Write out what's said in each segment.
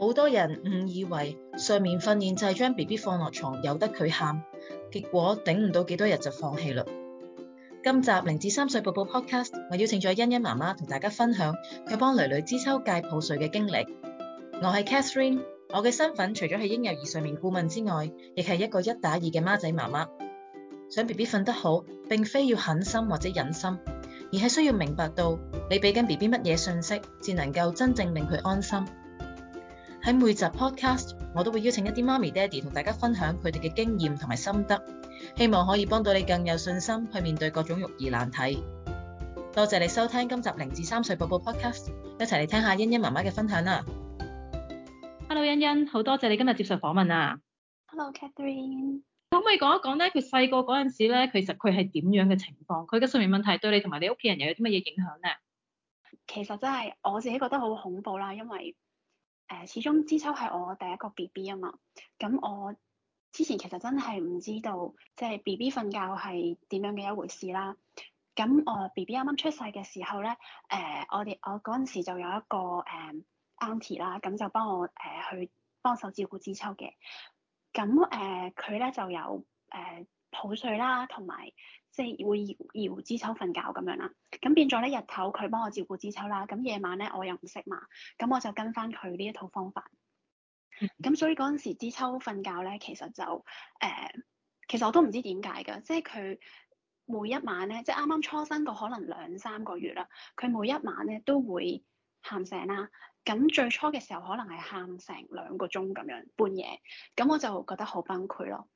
好多人，誤以為睡眠訓練就係將 B B 放落床，由得佢喊，結果頂唔到幾多日就放棄啦。今集零至三歲寶寶 Podcast，我邀請咗欣欣媽媽同大家分享，佢幫囡囡知秋戒抱睡嘅經歷。我係 Catherine，我嘅身份除咗係嬰幼兒睡眠顧問之外，亦係一個一打二嘅孖仔媽媽。想 B B 瞓得好，並非要狠心或者忍心，而係需要明白到你俾緊 B B 乜嘢信息，至能夠真正令佢安心。喺每集 podcast，我都會邀請一啲媽咪爹哋同大家分享佢哋嘅經驗同埋心得，希望可以幫到你更有信心去面對各種育兒難題。多謝你收聽今集零至三歲寶寶 podcast，一齊嚟聽下欣欣媽媽嘅分享啦。Hello，欣欣，好多謝你今日接受訪問啊。Hello，Catherine。可唔可以講一講咧？佢細個嗰陣時咧，其實佢係點樣嘅情況？佢嘅睡眠問題對你同埋你屋企人又有啲乜嘢影響咧？其實真係我自己覺得好恐怖啦，因為，誒，始終知秋係我第一個 B B 啊嘛，咁我之前其實真係唔知道，即係 B B 瞓覺係點樣嘅一回事啦。咁我 B B 啱啱出世嘅時候咧，誒、呃、我哋我嗰陣時就有一個誒 auntie、呃、啦，咁就幫我誒、呃、去幫手照顧知秋嘅。咁誒佢咧就有誒抱睡啦，同埋，即係會搖搖知秋瞓覺咁樣啦，咁變咗咧日頭佢幫我照顧知秋啦，咁夜晚咧我又唔識嘛，咁我就跟翻佢呢一套方法。咁 所以嗰陣時知秋瞓覺咧，其實就誒、呃，其實我都唔知點解㗎，即係佢每一晚咧，即係啱啱初生個可能兩三個月啦，佢每一晚咧都會喊醒啦。咁最初嘅時候可能係喊成兩個鐘咁樣，半夜，咁我就覺得好崩潰咯。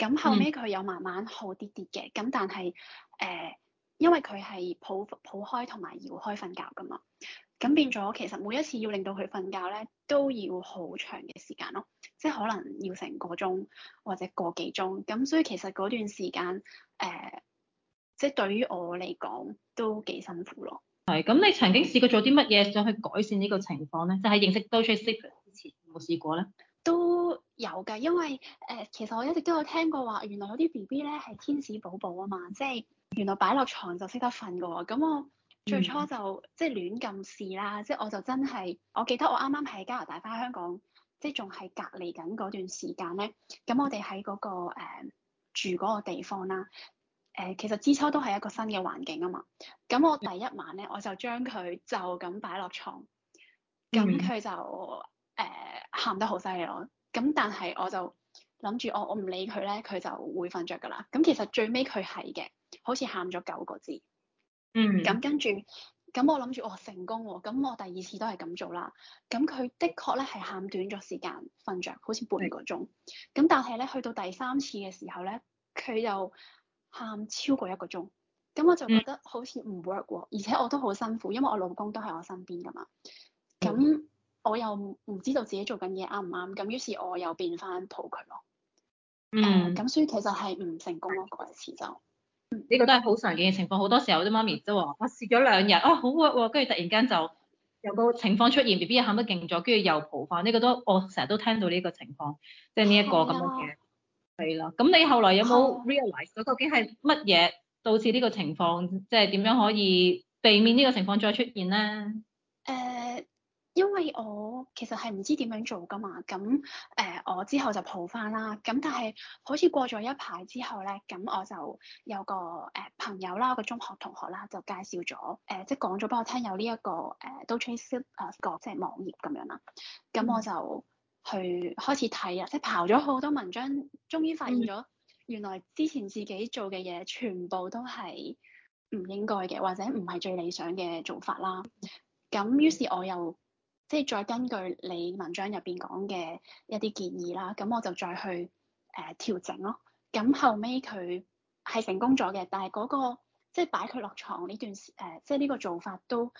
咁、嗯、後尾佢有慢慢好啲啲嘅，咁但係誒、呃，因為佢係抱抱開同埋搖開瞓覺噶嘛，咁變咗其實每一次要令到佢瞓覺咧，都要好長嘅時間咯，即係可能要成個鐘或者個幾鐘，咁所以其實嗰段時間誒、呃，即係對於我嚟講都幾辛苦咯。係，咁你曾經試過做啲乜嘢想去改善呢個情況咧？即係喺認識 Doctor Sleep 之前有冇試過咧？都有㗎，因為誒、呃，其實我一直都有聽過話，原來有啲 B B 咧係天使寶寶啊嘛，即係原來擺落床就識得瞓嘅喎。咁我最初就、嗯、即係亂咁試啦，即係我就真係，我記得我啱啱喺加拿大翻香港，即係仲係隔離緊嗰段時間咧。咁我哋喺嗰個、呃、住嗰個地方啦，誒、呃、其實知秋都係一個新嘅環境啊嘛。咁我第一晚咧，我就將佢就咁擺落床，咁佢就。嗯誒喊、呃、得好犀利咯，咁但係我就諗住、哦、我我唔理佢咧，佢就會瞓着噶啦。咁其實最尾佢係嘅，好似喊咗九個字。嗯。咁跟住，咁我諗住我成功喎、哦，咁我第二次都係咁做啦。咁佢的確咧係喊短咗時間，瞓着好似半個鐘。咁是但係咧去到第三次嘅時候咧，佢又喊超過一個鐘。咁我就覺得好似唔 work 喎、哦，嗯、而且我都好辛苦，因為我老公都喺我身邊噶嘛。咁。嗯我又唔知道自己做緊嘢啱唔啱，咁於是我又變翻抱佢咯。嗯。咁、呃、所以其實係唔成功咯嗰一次就。呢、嗯這個都係好常見嘅情況，好多時候啲媽咪都話、啊啊哦這個：，我試咗兩日，啊好，跟住突然間就有個情況出現，BB 又喊得勁咗，跟住又抱翻。呢個都我成日都聽到呢個情況，即係呢一個咁、啊、樣嘅。係啦。咁你後來有冇 realize 咗究竟係乜嘢導致呢個情況？即係點樣可以避免呢個情況再出現咧？誒、呃。因為我其實係唔知點樣做噶嘛，咁誒、呃、我之後就抱返啦。咁但係好似過咗一排之後咧，咁我就有個誒、呃、朋友啦，個中學同學啦，就介紹咗誒、呃，即係講咗俾我聽有呢、這個呃、一個誒 DoTerra 誒個即係網頁咁樣啦。咁我就去開始睇啊，即係刨咗好多文章，終於發現咗原來之前自己做嘅嘢全部都係唔應該嘅，或者唔係最理想嘅做法啦。咁於是我又～即係再根據你文章入邊講嘅一啲建議啦，咁我就再去誒調整咯。咁後尾佢係成功咗嘅，但係嗰個即係擺佢落床呢段時誒，即係呢個做法都誒，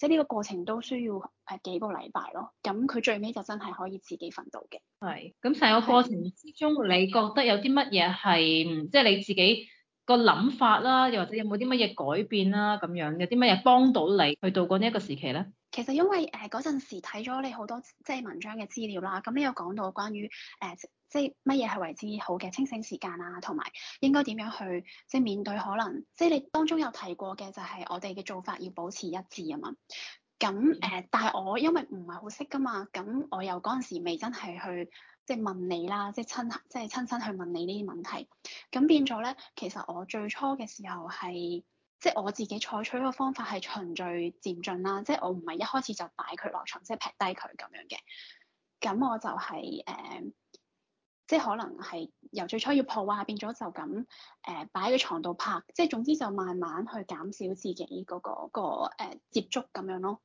即係呢個過程都需要誒幾個禮拜咯。咁佢最尾就真係可以自己瞓到嘅。係。咁成個過程之中，是你覺得有啲乜嘢係即係你自己個諗法啦，又或者有冇啲乜嘢改變啦？咁樣有啲乜嘢幫到你去度過呢一個時期咧？其實因為誒嗰陣時睇咗你好多即係文章嘅資料啦，咁你有講到關於誒、呃、即係乜嘢係為之好嘅清醒時間啊，同埋應該點樣去即係面對可能即係你當中有提過嘅就係我哋嘅做法要保持一致啊嘛。咁誒、呃，但係我因為唔係好識㗎嘛，咁我又嗰陣時未真係去即係問你啦，即係親即係親身去問你呢啲問題，咁變咗咧，其實我最初嘅時候係。即係我自己採取個方法係循序漸進啦，即係我唔係一開始就擺佢落床，即係擗低佢咁樣嘅。咁我就係、是、誒、呃，即係可能係由最初要破壞變咗就咁誒、呃、擺喺個牀度拍，即係總之就慢慢去減少自己嗰、那個、呃、接觸咁樣咯。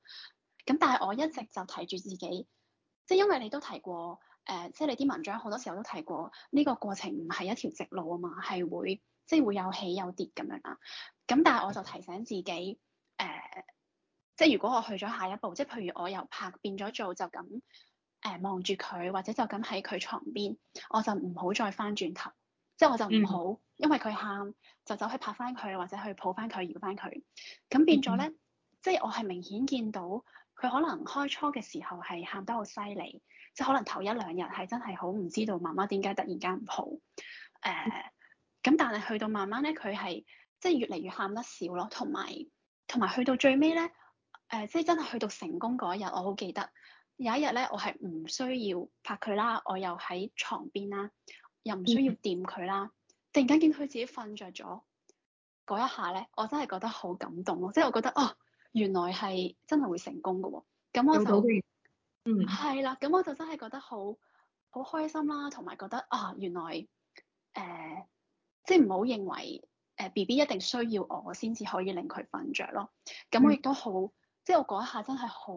咁但係我一直就睇住自己，即係因為你都提過誒、呃，即係你啲文章好多時候都提過，呢、這個過程唔係一條直路啊嘛，係會即係會有起有跌咁樣啦。咁但係我就提醒自己，誒、呃，即係如果我去咗下一步，即係譬如我又拍變咗做就咁，誒望住佢，或者就咁喺佢床邊，我就唔好再翻轉頭，即係我就唔好，嗯、因為佢喊，就走去拍翻佢，或者去抱翻佢，搖翻佢。咁變咗咧，嗯、即係我係明顯見到佢可能開初嘅時候係喊得好犀利，即係可能頭一兩日係真係好唔知道媽媽點解突然間唔好。誒、呃，咁但係去到慢慢咧，佢係。即係越嚟越喊得少咯，同埋同埋去到最尾咧，誒、呃、即係真係去到成功嗰一日，我好記得有一日咧，我係唔需要拍佢啦，我又喺床邊啦，又唔需要掂佢啦，突然間見到佢自己瞓着咗，嗰一下咧，我真係覺得好感動咯、啊，即係我覺得哦、啊，原來係真係會成功㗎喎、啊，咁我就嗯係啦，咁我就真係覺得好好開心啦，同埋覺得啊原來誒、呃、即係唔好認為。誒 B B 一定需要我先至可以令佢瞓着咯，咁我亦都好，mm. 即係我嗰一下真係好，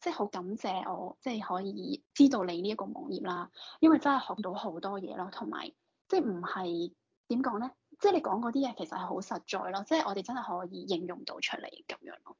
即係好感謝我，即係可以知道你呢一個網頁啦，因為真係學到好多嘢咯，同埋即係唔係點講咧？即係你講嗰啲嘢其實係好實在咯，即係我哋真係可以應用到出嚟咁樣咯。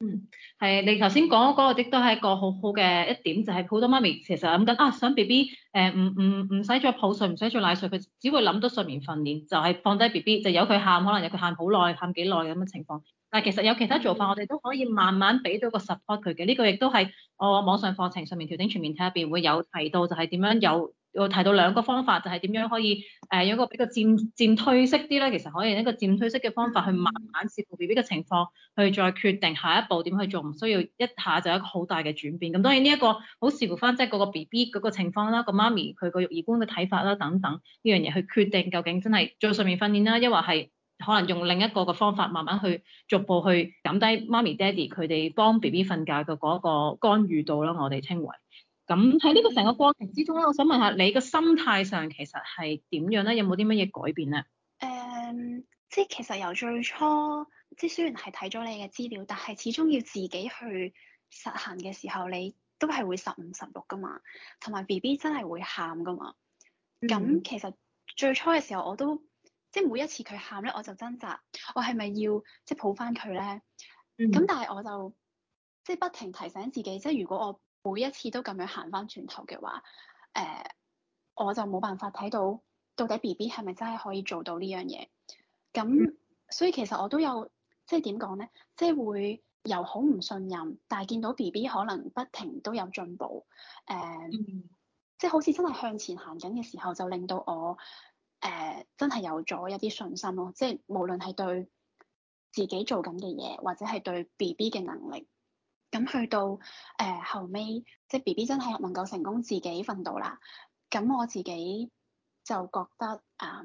嗯，係，你頭先講嗰個的都係一個好好嘅一點，就係好多媽咪其實諗緊啊，想 B B 誒，唔唔唔使再抱睡，唔使再奶睡，佢只會諗到睡眠訓練，就係放低 B B，就由佢喊，可能由佢喊好耐，喊幾耐咁嘅情況。但係其實有其他做法，我哋都可以慢慢俾到個 support 佢嘅。呢個亦都係我網上課程上面調整全面睇入邊會有提到，就係點樣有。我提到兩個方法，就係、是、點樣可以誒有、呃、個比較漸漸退式啲咧，其實可以用一個漸退式嘅方法去慢慢視乎 B B 嘅情況，去再決定下一步點去做，唔需要一下就一個好大嘅轉變。咁當然呢、這、一個好視乎翻即係嗰個 B B 嗰個情況啦，那個媽咪佢個育兒觀嘅睇法啦，等等呢樣嘢去決定究竟真係做睡眠訓練啦，抑或係可能用另一個嘅方法慢慢去逐步去減低媽咪、爹哋佢哋幫 B B 瞓覺嘅嗰個干預度啦，我哋稱為。咁喺呢個成個過程之中咧，我想問下你嘅心態上其實係點樣咧？有冇啲乜嘢改變咧？誒、嗯，即係其實由最初，即係雖然係睇咗你嘅資料，但係始終要自己去實行嘅時候，你都係會十五十六噶嘛，同埋 BB 真係會喊噶嘛。咁、嗯、哼其實最初嘅時候我都即係每一次佢喊咧，我就掙扎，我係咪要即係抱返佢咧？咁、嗯、哼但係我就即係不停提醒自己，即係如果我每一次都咁樣行翻轉頭嘅話，誒、呃，我就冇辦法睇到到底 B B 係咪真係可以做到呢樣嘢。咁所以其實我都有，即係點講咧，即係會又好唔信任，但係見到 B B 可能不停都有進步，誒、呃，嗯、即係好似真係向前行緊嘅時候，就令到我誒、呃、真係有咗一啲信心咯。即係無論係對自己做緊嘅嘢，或者係對 B B 嘅能力。咁去到誒、呃、後尾，即係 BB 真係能夠成功自己瞓到啦。咁我自己就覺得誒、呃，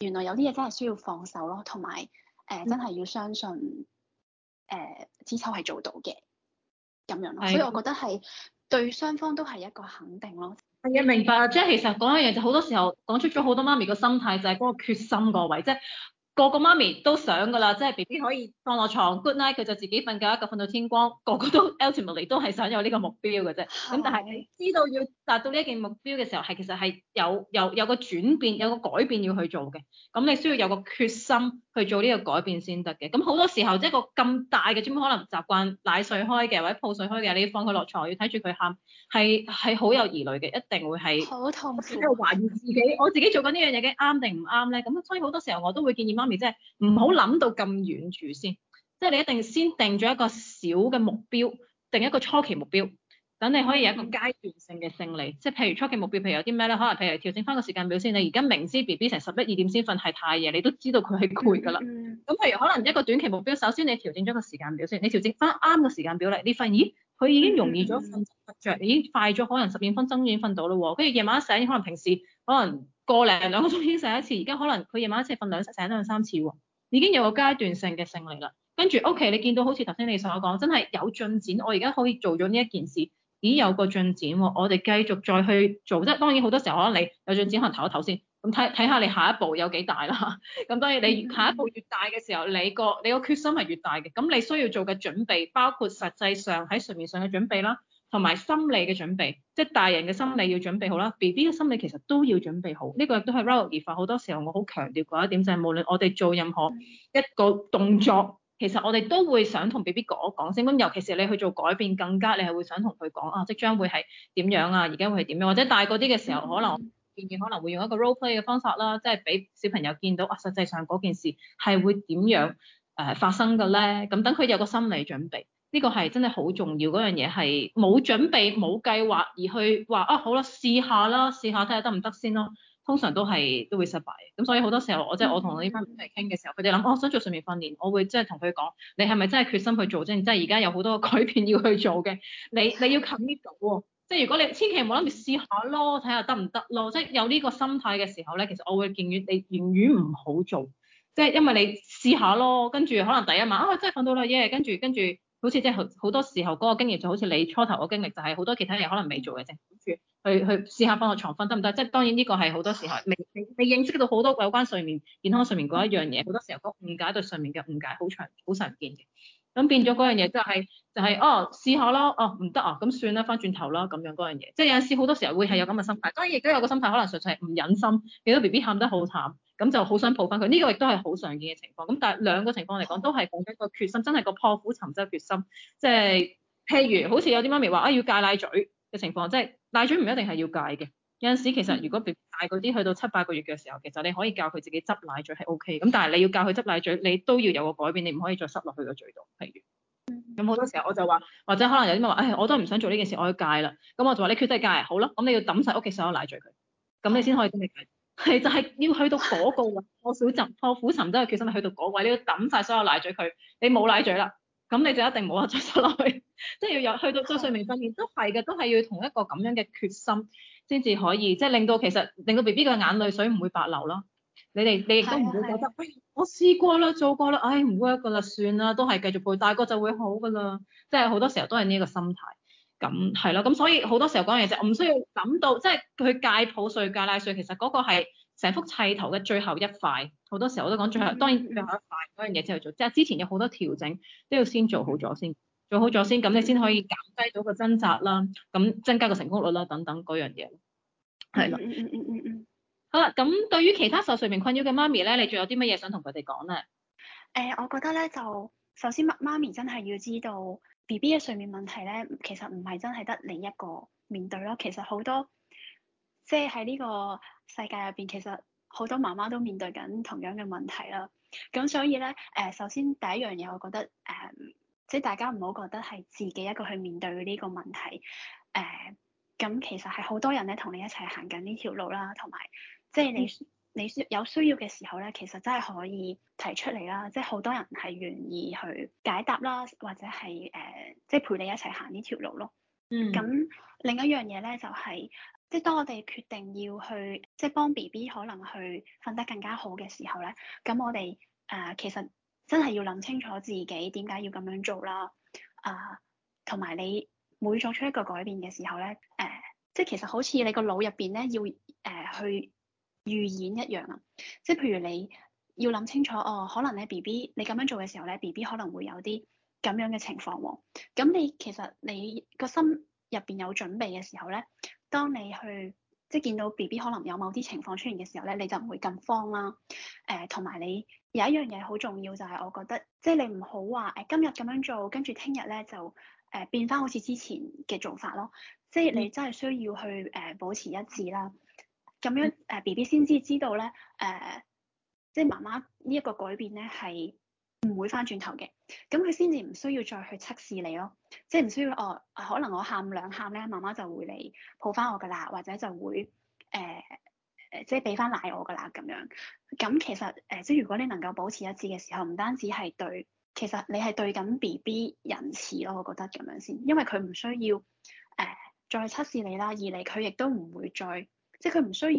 原來有啲嘢真係需要放手咯，同埋誒真係要相信誒知、呃、秋係做到嘅咁樣咯。係啊。所以我覺得係對雙方都係一個肯定咯。係啊，明白啊，即係其實講一樣嘢，就好多時候講出咗好多媽咪個心態，就係嗰個決心個位，即係。個個媽咪都想㗎啦，即係 BB 可以放落床 good night 佢就自己瞓覺，一覺瞓到天光，個個都 ultimately 都係想有呢個目標㗎啫。咁 但係你知道要達到呢一件目標嘅時候，係其實係有有有個轉變，有個改變要去做嘅。咁你需要有個決心去做呢個改變先得嘅。咁好多時候即係個咁大嘅，最可能習慣奶睡開嘅，或者抱睡開嘅，你要放佢落床，要睇住佢喊，係係好有疑慮嘅，一定會係好痛苦， 我我懷疑自己，我自己做緊呢樣嘢嘅啱定唔啱咧。咁所以好多時候我都會建議媽媽。即係唔好諗到咁遠處先，即係你一定先定咗一個小嘅目標，定一個初期目標，等你可以有一個階段性嘅勝利。即係譬如初期目標，譬如有啲咩咧？可能譬如調整翻個時間表先。你而家明知 BB 成十一二點先瞓係太夜，你都知道佢係攰噶啦。咁 譬如可能一個短期目標，首先你調整咗個時間表先，你調整翻啱個時間表咧，你發現咦，佢已經容易咗瞓著，已經快咗可能十二分鐘已經瞓到啦喎。跟住夜晚一醒，可能平時可能，個零兩個鐘先醒一次，而家可能佢夜晚一次瞓兩，醒得兩三次喎，已經有個階段性嘅勝利啦。跟住，OK，你見到好似頭先你所講，真係有進展，我而家可以做咗呢一件事，已經有個進展喎，我哋繼續再去做，即係當然好多時候可能你有進展，可能唞一唞先，咁睇睇下你下一步有幾大啦。咁當然你下一步越大嘅時候，你個你個決心係越大嘅，咁你需要做嘅準備，包括實際上喺睡眠上嘅準備啦。同埋心理嘅準備，即係大人嘅心理要準備好啦，B B 嘅心理其實都要準備好。呢、這個亦都係 role p l a 好多時候我好強調嗰一點，就係、是、無論我哋做任何一個動作，其實我哋都會想同 B B 講一講先。咁尤其是你去做改變，更加你係會想同佢講啊，即將會係點樣啊，而家會係點樣、啊？或者大個啲嘅時候，可能建議可能會用一個 role play 嘅方法啦，即係俾小朋友見到啊，實際上嗰件事係會點樣誒、啊、發生嘅咧？咁等佢有個心理準備。呢個係真係好重要，嗰樣嘢係冇準備、冇計劃而去話：啊，好啦，試下啦，試下睇下得唔得先咯。通常都係都會失敗。咁所以好多時候我即係我同呢班人一齊傾嘅時候，佢哋諗我想做睡眠訓練，我會即係同佢講你係咪真係決心去做先？即係而家有好多改變要去做嘅，你你要 commit 到喎，即係如果你千祈唔好諗住試下咯，睇下得唔得咯，即係有呢個心態嘅時候咧，其實我會建議你寧願唔好做，即係因為你試下咯，跟住可能第一晚啊真係瞓到啦耶，跟住跟住。好似即係好好多時候嗰個經，經歷就好似你初頭個經歷就係好多其他嘢可能未做嘅啫。跟住去去試下放落床，瞓得唔得？即、就、係、是、當然呢個係好多時候未你你認識到好多有關睡眠健康睡眠嗰一樣嘢，好多時候嗰誤解對睡眠嘅誤解好長好常見嘅，就是。咁變咗嗰樣嘢就係就係哦試下咯，哦唔得啊，咁、啊啊、算啦，翻轉頭啦咁樣嗰樣嘢。即、就、係、是、有陣時好多時候會係有咁嘅心態，當然亦都有個心態可能純粹係唔忍心亦都 B B 喊得好慘。咁就好想抱翻佢，呢個亦都係好常見嘅情況。咁但係兩個情況嚟講，都係講緊個決心，真係個破釜沉舟決心。即係譬如，好似有啲媽咪話啊，要戒奶嘴嘅情況，即係奶嘴唔一定係要戒嘅。有陣時其實，如果大嗰啲去到七八個月嘅時候，其實你可以教佢自己執奶嘴係 OK。咁但係你要教佢執奶嘴，你都要有個改變，你唔可以再塞落去個嘴度。譬如，有好多時候我就話，或者可能有啲媽咪話，唉，我都唔想做呢件事，我要戒啦。咁我就話你決定戒，好啦，咁你要抌晒屋企所有奶嘴佢，咁你先可以真係戒。係就係要去到嗰個位，我小沉，破釜沉舟真係決心去到嗰位，你要抌晒所有奶嘴佢，你冇奶嘴啦，咁你就一定冇得再落去，即 係要有去到睡眠訓練都係嘅，都係要同一個咁樣嘅決心先至可以，即係令到其實令到 B B 嘅眼淚水唔會白流咯。你哋你亦都唔會覺得的哎、我試過啦，做過啦，唉唔 work 噶啦，算啦，都係繼續背大個就會好噶啦。即係好多時候都係呢一個心態。咁係咯，咁、嗯、所以好多時候講嘢就唔需要諗到，即係佢戒抱睡、戒奶睡，其實嗰個係成幅砌圖嘅最後一塊。好多時候我都講最後，當然最後一塊嗰樣嘢之後做，即係之前有好多調整都要先做好咗先，做好咗先，咁你先可以減低到個掙扎啦，咁增加個成功率啦，等等嗰樣嘢，係咯、嗯。嗯嗯嗯嗯嗯。嗯好啦，咁對於其他受睡眠困擾嘅媽咪咧，你仲有啲乜嘢想同佢哋講咧？誒、欸，我覺得咧就首先媽媽咪真係要知道。B B 嘅睡眠問題咧，其實唔係真係得你一個面對咯。其實好多，即係喺呢個世界入邊，其實好多媽媽都面對緊同樣嘅問題啦。咁所以咧，誒、呃，首先第一樣嘢，我覺得誒、呃，即係大家唔好覺得係自己一個去面對呢個問題。誒、呃，咁其實係好多人咧同你一齊行緊呢條路啦，同埋即係你、嗯、你有需要嘅時候咧，其實真係可以提出嚟啦。即係好多人係願意去解答啦，或者係誒、呃即係陪你一齊行呢條路咯。嗯。咁另一樣嘢咧，就係、是、即係當我哋決定要去，即係幫 B B 可能去瞓得更加好嘅時候咧，咁我哋誒、呃、其實真係要諗清楚自己點解要咁樣做啦。啊、呃，同埋你每做出一個改變嘅時候咧，誒、呃，即係其實好似你個腦入邊咧要誒、呃、去預演一樣啊。即係譬如你要諗清楚，哦，可能寶寶你 B B 你咁樣做嘅時候咧，B B 可能會有啲。咁樣嘅情況喎，咁你其實你個心入邊有準備嘅時候咧，當你去即係見到 BB 可能有某啲情況出現嘅時候咧，你就唔會咁慌啦。誒、呃，同埋你有一樣嘢好重要就係、是、我覺得，即係你唔好話誒今日咁樣做，跟住聽日咧就誒、呃、變返好似之前嘅做法咯。即係你真係需要去誒、呃、保持一致啦。咁樣誒 BB 先至知道咧誒、呃，即係媽媽呢一個改變咧係，唔會翻轉頭嘅，咁佢先至唔需要再去測試你咯，即係唔需要哦。可能我喊兩喊咧，媽媽就會嚟抱翻我噶啦，或者就會誒誒、呃，即係俾翻奶我噶啦咁樣。咁其實誒、呃，即係如果你能夠保持一致嘅時候，唔單止係對，其實你係對緊 BB 仁慈咯，我覺得咁樣先，因為佢唔需要誒、呃、再測試你啦。二嚟佢亦都唔會再，即係佢唔需要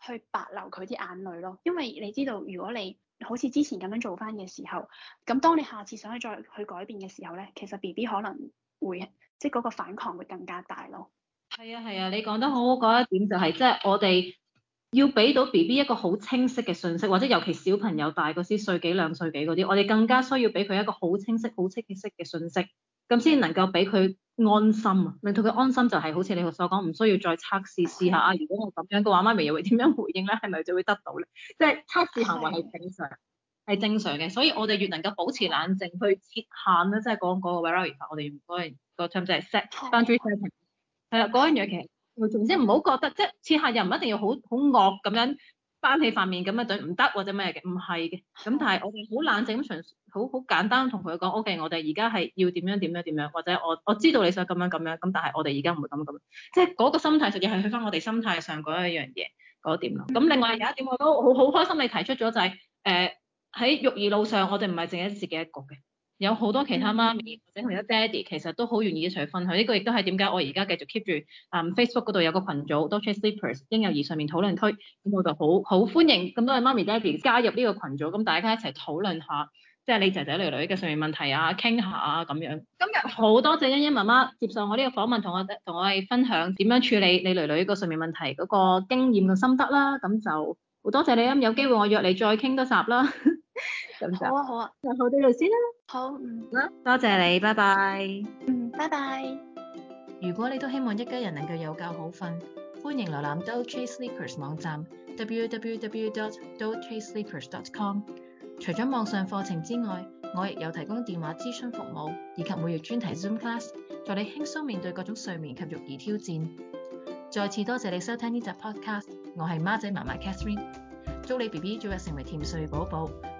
去白流佢啲眼淚咯。因為你知道，如果你好似之前咁樣做翻嘅時候，咁當你下次想去再去改變嘅時候咧，其實 B B 可能會即係嗰個反抗會更加大咯。係啊，係啊，你講得好好嗰一點就係、係，即、就、係、係、我哋要俾到 B B 一個好清晰嘅信息，或者尤其小朋友大個先歲幾兩歲幾嗰啲，我哋更加需要俾佢一個好清晰、好清晰嘅信息。咁先能夠俾佢安心啊，令到佢安心就係、是、好似你所講，唔需要再測試試下啊。如果我咁樣嘅話，媽咪又會點樣回應咧？係咪就會得到咧？即係測試行為係正常，係的正常嘅。所以我哋越能夠保持冷靜去設限咧，即係講嗰個 verify，我哋應該個意思係 set boundary setting。係啦，嗰樣嘢其實總之唔好覺得即係設限又唔一定要好好惡咁樣，翻起塊面咁樣，對唔得或者咩嘅，唔係嘅。咁但係我哋好冷靜咁詳，好好簡單同佢講，O K，我哋而家係要點樣點樣點樣，或者我我知道你想咁樣咁樣，咁但係我哋而家唔會咁樣咁樣。即係嗰個心態，實際係去翻我哋心態上嗰一樣嘢嗰點咯。咁、嗯、另外有一點我都好好開心，你提出咗就係誒喺育兒路上，我哋唔係淨係自己一個嘅。有好多其他媽咪或者其他 Daddy 其實都好願意一齊分享，呢、這個亦都係點解我而家繼續 keep 住啊 Facebook 嗰度有個羣組，Doctor Sleepers 嬰幼兒睡眠討論區，咁我就好好歡迎咁多位媽咪 Daddy 加入呢個群組，咁大家一齊討論下，即、就、係、是、你仔仔女女嘅睡眠問題啊，傾下啊咁樣。今日好多謝欣欣媽媽接受我呢個訪問，同我同我哋分享點樣處理你女女嘅睡眠問題嗰、那個經驗同心得啦，咁就好多謝你啊！有機會我約你再傾多集啦。 好啊，好啊，咁好到度先啦。好，嗯，多謝你，拜拜。嗯，拜拜。 如果你都希望一家人能夠有覺好瞓，歡迎瀏覽 Doze Sleepers 網站 www.doze sleepers.com dot。除咗網上課程之外，我亦有提供電話諮詢服務，以及每月專題 Zoom class，助你輕鬆面對各種睡眠及育兒挑戰。再次多謝你收聽呢集 Podcast，我係孖仔媽媽 Catherine，祝你 B B 早日成為甜睡寶寶。